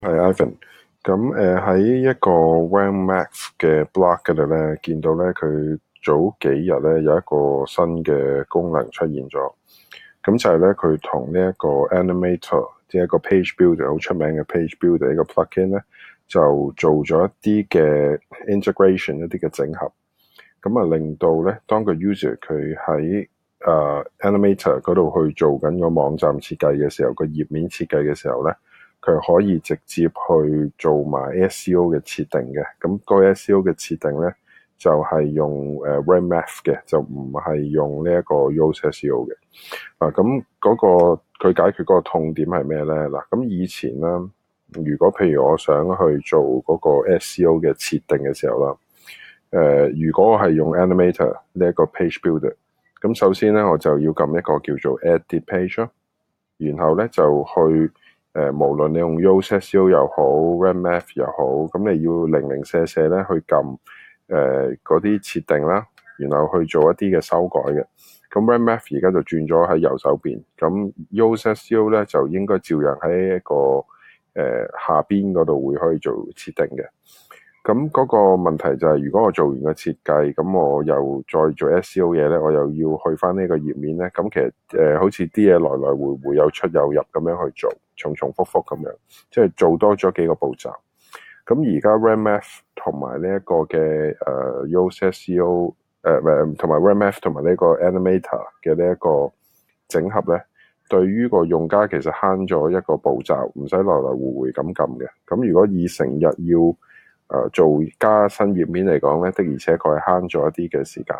係，Ivan。咁誒喺一個 w e、well、m a x 嘅 blog 嗰度咧，見到咧佢早幾日咧有一個新嘅功能出現咗。咁就係咧佢同呢一個 Animator，即係一個 Page Builder 好出名嘅 Page Builder 一個 plugin 咧，就做咗一啲嘅 integration 一啲嘅整合。咁啊，令到咧當個 user 佢喺誒、uh, Animator 嗰度去做緊個網站設計嘅時候，個頁面設計嘅時候咧。佢可以直接去做埋 SEO 嘅設定嘅，咁、那個 SEO 嘅設定咧就係用誒 Rank Math 嘅，就唔、是、係用呢一個 Yoast SEO 嘅。啊、那個，咁個佢解決個痛點係咩咧？嗱，咁以前咧，如果譬如我想去做嗰個 SEO 嘅設定嘅時候啦，誒、呃、如果我係用 Animator 呢一個 Page Builder，咁首先咧我就要撳一個叫做 Add、e、Page，然後咧就去。誒，無論你用 Yoast SEO 又好，Rank Math 又好，咁你要零零舍舍咧去撳誒嗰啲設定啦，然後去做一啲嘅修改嘅。咁 Rank Math 而家就轉咗喺右手邊，咁 Yoast SEO 咧就應該照樣喺一個誒、呃、下邊嗰度會可以做設定嘅。咁嗰個問題就係、是，如果我做完個設計，咁我又再做 SEO 嘢咧，我又要去返呢個頁面咧。咁其實誒、呃，好似啲嘢來來回回又出又入咁樣去做。重重複復咁樣，即係做多咗幾個步驟。咁而家 RamF 同埋呢一個嘅誒 USSO 誒誒，同埋 RamF 同埋呢個 Animator 嘅呢一個整合咧，對於個用家其實慳咗一個步驟，唔使來來回回咁撳嘅。咁如果以成日要誒做加新頁面嚟講咧，的而且確係慳咗一啲嘅時間。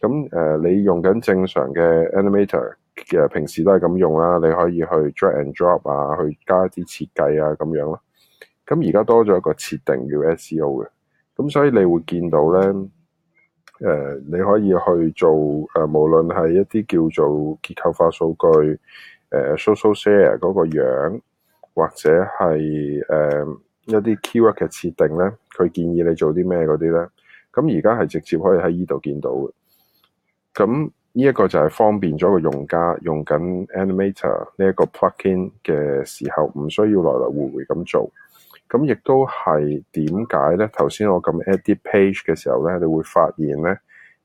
咁誒，你用緊正常嘅 Animator。其實平時都係咁用啦，你可以去 drag and drop 啊，去加一啲設計啊咁樣咯、啊。咁而家多咗一個設定叫 SEO 嘅，咁所以你會見到咧，誒、呃，你可以去做誒、呃，無論係一啲叫做結構化數據，誒、呃、social share 嗰個樣，或者係誒、呃、一啲 keyword 嘅設定咧，佢建議你做啲咩嗰啲咧。咁而家係直接可以喺呢度見到嘅，咁。呢一個就係方便咗個用家用緊 Animator 呢一個 Plugin 嘅時候，唔需要來來回回咁做。咁亦都係點解咧？頭先我撳 edit page 嘅時候咧，你會發現咧，誒、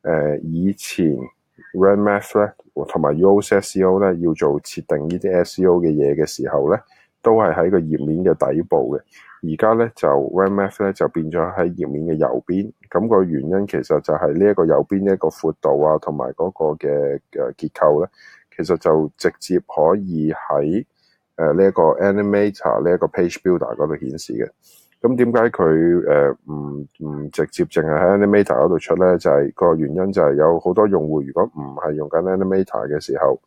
呃、以前 RankMath 咧同埋 Yoast SEO 咧要做設定呢啲 SEO 嘅嘢嘅時候咧。都係喺個頁面嘅底部嘅，而家咧就 WebMap 咧就變咗喺頁面嘅右邊，咁個原因其實就係呢一個右邊呢一個闊度啊，同埋嗰個嘅誒結構咧，其實就直接可以喺誒呢一個 Animator 呢一個 Page Builder 嗰度顯示嘅。咁點解佢誒唔唔直接淨係喺 Animator 度出咧？就係、是、個原因就係有好多用戶，如果唔係用緊 Animator 嘅時候，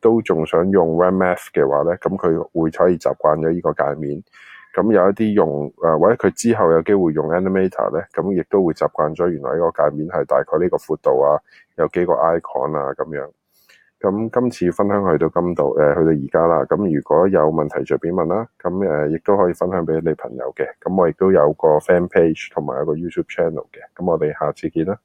都仲想用 w e m f 嘅話咧，咁佢會可以習慣咗依個界面。咁有一啲用誒，或者佢之後有機會用 Animator 咧，咁亦都會習慣咗原來呢個界面係大概呢個闊度啊，有幾個 icon 啊咁樣。咁今次分享去到今度，誒去到而家啦。咁如果有問題隨便問啦，咁誒亦都可以分享俾你朋友嘅。咁我亦都有個 fan page 同埋有一個 YouTube channel 嘅。咁我哋下次見啦。